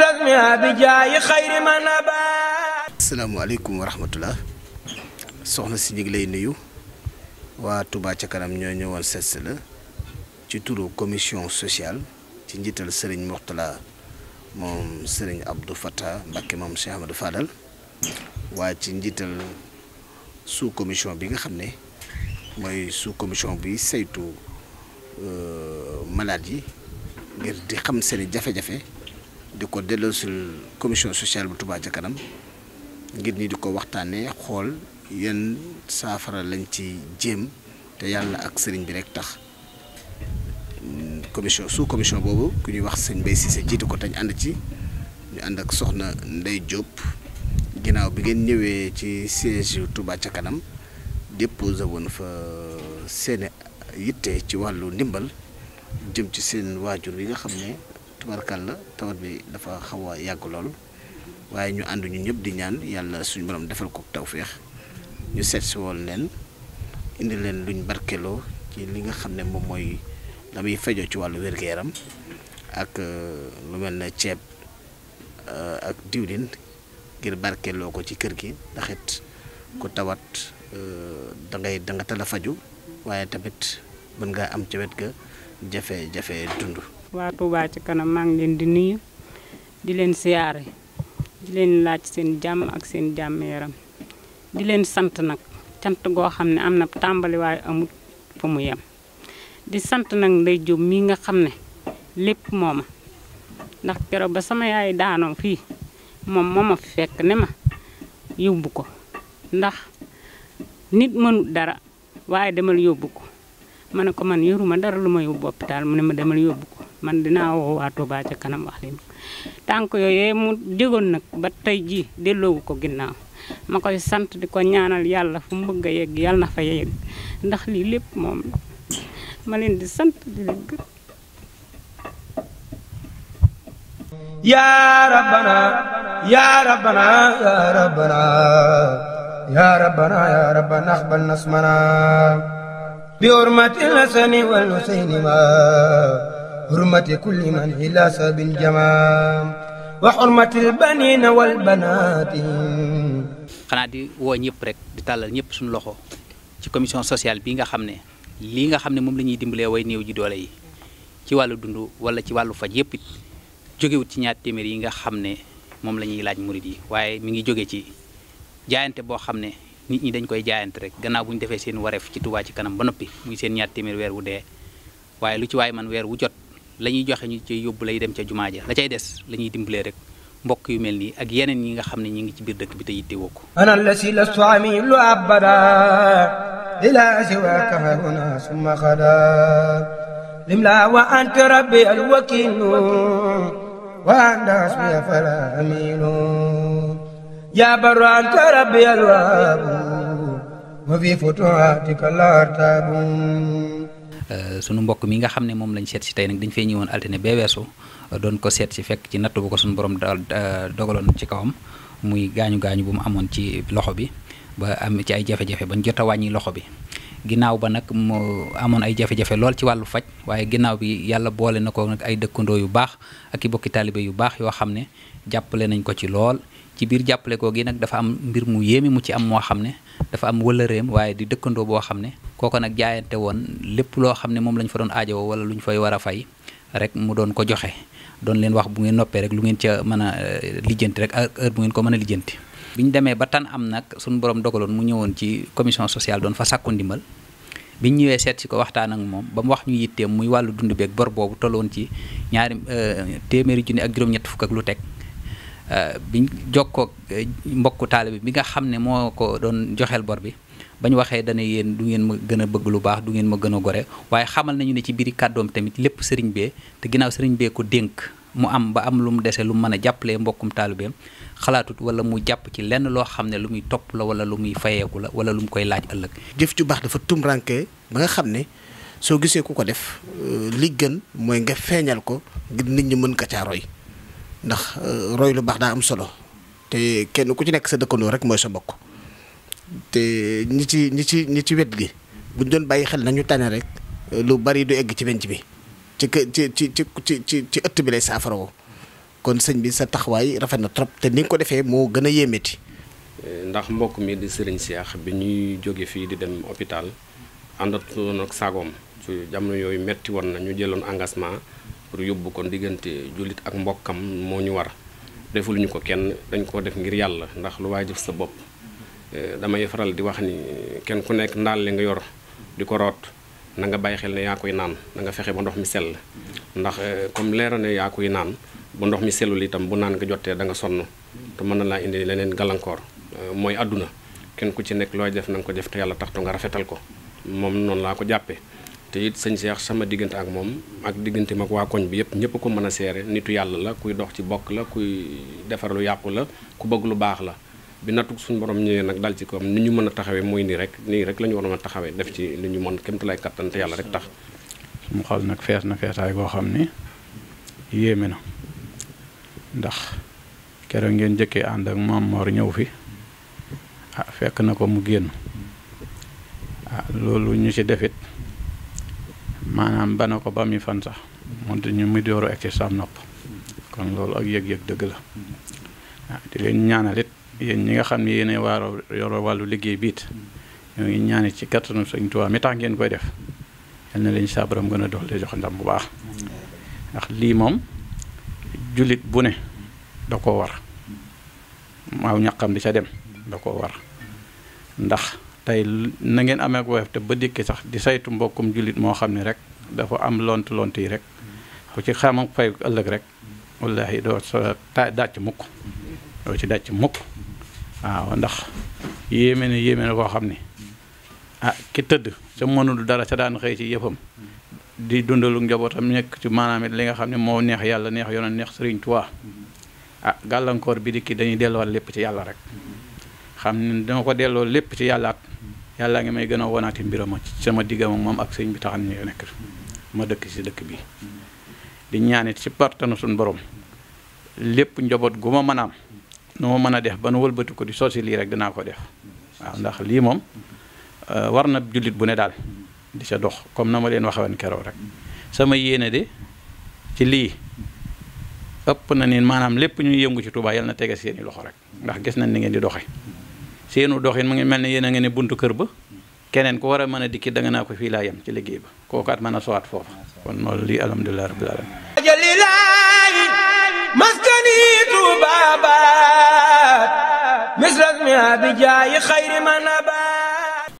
asalaamaaleykum wa rahmatulah soxna si ñu lay nuyu waa tubaa ca kanam ñoo ñëwoon sess la ci turu commission sociale ci njiital Serigne Mourtala moom Serigne Abdou Fattah Mbacké moom Cheikh Amadou Fadal waaye ci njiital sous commission bi nga xam ne mooy sous commission bi saytu euh, malade yi ngir di xam seeni jafe-jafe. di ko delloo sul commission sociale bu tubaa ca kanam ngir ñi di ko waxtaanee xool yan saafara lañ ci jéem te yàlla ak sëriñ bi rek tax commission sous commission boobu ku ñuy wax sëñ Mbaye Cissé jiite ko tañ ànd ci ñu ànd ak soxna Ndey Diop ginnaaw bi ngeen ñëwee ci siège yu Touba ca kanam déposé woon fa seeni yitte ci wàllu ndimbal jëm ci seen waajur yi nga xam ne tubarkal la tawat bi dafa xaw a yàgg lool waaye ñu ànduñu ñu ñëpp di ñaan yàlla suñu borom defal ko tawféex ñu seet woon leen indi leen luñ barkeloo ci li nga xam ne moom mooy la fajoo ci wàllu wér-gu-yaram ak euh, lu mel na ceeb euh, ak diwlin ngir barkeloo ko ci kër gi ndax it ku tawat euh, da ngay da tala faju waaye tamit mën ngaa am ca wet ga jafe-jafe dund waa Touba ci kanam maa ngi leen di nuyu di leen siyaare di leen laaj seen jàmm ak seen jàmm yaram di leen sant nag cant goo xam ne am na tàmbali waaye amut fu mu yem di sant nag Ndey Jóob mii nga xam ne lépp mooma ndax keroog ba sama yaay daanoo fii moom moo ma fekk ne ma yóbbu ko ndax nit mënut dara waaye demal yóbbu ko ma ne ko man yoruma dara lu ma yóbbu hôpital mu ne ma demal yóbbu ko man dinaa woo waa Touba ca kanam wax leen tànk yooyu mu jégoon nag ba tey jii delloowu ko ginnaaw ma koy sant di ko ñaanal yàlla fu mu bëgg a yegg yàlla na fa yegg ndax lii lépp moom la ma leen di sant di leen gërëm. yaa rabbana yaa rabbana yaa rabbana yaa rabbana yaa rabbana aqbal nasmana bi hurmatil hasani wal husayni ma hurmati kulli man ila sabin jamaam wa hurmatil banina wal xanaa di woo ñëpp rek di tàllal ñëpp suñu loxo ci commission sociale bi nga xam ne lii nga xam ne moom la ñuy dimbalee way néew ji doole yi ci wàllu dund wala ci wàllu faj yëpp it jógewut ci ñaar téeméer yi nga xam ne moom la ñuy laaj murit yi waaye mi ngi jóge ci jaayante boo xam ne nit ñi dañ koy jaayante rek gannaaw bu ñu defee seen wareef ci Touba ci kanam ba noppi muy seen ñaar téeméer weer wu dee waaye lu ci waaye man weer wu jot lañuy joxe ñu cay yóbbu lay dem ca jumaa la cay des lañuy ñuy dimbalee mbokk yu mel nii ak yeneen yi nga xam ne ñu ngi ci biir dëkk bi te yittewoo ko ana lasi lastu amilu abada ila siwaka hahuna summa xada limla wa anta rabbi alwakilu wa anta asmiya fala amilu ya anta rabbi alwabu wa fi futuhatika la artabu Euh, sunu mbokk mi nga xam ne moom lañ seet si tey nag dañ fee ñëwoon altine bee weesu doon ko seet si fekk ci nattu bu ko suñu borom daal euh, dogaloon ci kawam muy gaañu gaañu bu mu amoon ci loxo bi ba am ci ay jafe-jafe bañ jot a wàññi loxo bi ginnaaw ba nag mu amoon ay jafe-jafe lool ci wàllu faj waaye ginnaaw bi yàlla boole na ko nag ay dëkkandoo yu baax ak i bokki taalibe yu baax yoo xam ne jàppale nañ ko ci lool ci biir jàppale koo gi nag dafa am mbir mu yéeme mu ci am moo xam ne dafa am wëllëreem waaye di dëkkandoo boo xam ne kooko nag jaayante woon lépp loo xam ne moom la ñu fa doon aajowoo wala lu ñu fay war a fay rek mu doon ko joxe doon leen wax bu ngeen noppee rek lu ngeen ca mën a euh, lijjanti rek ak heure bu ngeen ko mën a lijjanti. bi ñu demee ba tan am nag suñu borom dogaloon mu ñëwoon ci commission sociale doon fa sàkku ndimbal biñ ñëwee seet si ko waxtaan ak moom ba mu wax ñu yitteem muy wàllu dund beeg bor boobu tolloon ci ñaari euh, téeméeri junni ak juróom-ñett fukk ak lu teg biñ jokkoo eh, mbokku taalibe bi nga xam ne moo ko doon joxeel bor bi bañ waxee dana yéen du ngeen ma gën a bëgg lu baax du ngeen ma gën a gore waaye xamal nañu ne ci biir kàddoom tamit lépp sëriñ bee te ginnaaw sëriñ bee ko dénk mu am ba am lu mu dese lu mu mën a jàppalee mbokkum taalibeem xalaatut wala mu jàpp ci lenn loo xam ne lu muy topp la wala lu muy fayeeku la wala lu mu koy laaj ëllëg. jëf ju baax dafa tumranke ba nga xam ne soo gisee ku ko def euh, li gën mooy nga feeñal ko ngir nit mën ko caa roy ndax euh, roy lu baax daa am solo te kenn ku ci nekk sa dëkkandoo rek mooy sa mbokk te ñi ci ñi ci ci wet gi buñ doon bàyyi xel nañu tànn rek euh, lu bari du egg ci wenc bi ci ci ci ci ci ci ëtt bi lay saafarawoo kon sëñ bi sa taxawaay rafet na trop te ni ko defee moo gën a yéemeeti euh, ndax mbokk mi di sëriñ Seex bi ñuy jóge fii di dem hôpital àndatoon ak sagoom su jamono yooyu metti woon na ñu jëloon engagement pour yóbbu kon diggante jullit ak mbokkam moo ñu war deful ñu ko kenn dañ koo def ngir yàlla ndax lu waay jëf sa bopp eh, damay faral di wax ni kenn ku nekk ndaal li nga yor di ko root na nga bàyyi xel ne yaa koy naan na nga fexe ba ndox mi sell ndax eh, comme leera ne yaa koy naan bu ndox mi sellul itam bu naan nga jotee da nga sonn te mën na laa indi leneen gàllankoor eh, mooy àdduna kenn ku ci nekk looy def na nga ko def te yàlla tax tu nga rafetal ko laa ko jàppee te it sëñ Cheikh sama diggante ak moom ak diggante mag waa koñ bi yëpp ñëpp ko mën a seere nitu yàlla la kuy dox ci bokk la kuy defar lu yàqu la ku bëgg lu baax la bi nattu suñu borom ñëwee nag dal ci ko am ni ñu mën a taxawee mooy nii rek nii rek la ñu waroon a taxawee def ci li ñu mën kémta lay kattan te yàlla rek tax mu xal nag fees na feesaay boo xam ni yéeme na ndax keroog ngeen jëkkee ànd ak Maam Mor ñëw fi ah fekk na ko mu génn ah loolu ñu ci defit maanaam ba na ko ba mi fan sax moom ñu muy dooru ak ci nopp kon loolu ak yëg-yëg dëgg la waaw di leen ñaanalit yéen ñi nga xam ne yéen waaro yoro wàllu liggéey biit ñoo ngi ñaanit ci kattanu Sëñ Tuubaa mi tax ngeen koy def yal na leen saa borom gën a dox lee jox ndam bu baax ndax lii moom jullit bu ne da koo war maw ñaqam di sa dem da koo war ndax tey na ngeen amee woyof te ba dikki sax di saytu mbokkum jullit moo xam ne rek dafa am lont lont yi rek ku ci xamam fay ëllëg rek wallahi doo sa ta dàcc mukk doo ci dàcc mukk waaw ndax yéeme na yéeme na koo xam ne ah ki tëdd sa mënul dara sa daan xëy ci yëppam di dundalu njabootam nekk ci maanaam li nga xam ne moo neex yàlla neex yoonal neex Sëriñ Tuubaa ah gàllankoor bi di kii dañuy delloo lépp ci yàlla rek xam ne dama ko delloo lépp ci yàlla yàlla ngi may gën a wonaati mbiram sama diggam ak moom ak sëñ bi taxan ñu nekk ma dëkk si dëkk bi di ñaanit si partana suñ borom lépp njaboot gu ma mën a nu ma mën a def ba nu wëlbati ko di sosi lii rek dinaa ko def waaw ndax lii moom euh, war na jullit bu ne daal di sa dox comme na ma leen waxee woon rek sama yéene de ci lii ëpp na ni maanaam lépp ñu yëngu ci Touba yal na tege seeni loxo rek ndax gis nañ ni ngeen di doxee seenu doxin mu ngi mel ni yéen a ngi ne buntu kër ba keneen ku war a mën a dikki da naa ko fii laa yem ci liggéey ba kookaat mën a sowaat foofu kon loolu lii alhamdulilah rabbil alamin jalilahi maskanitu babat misrasmi abi jaayi xayri man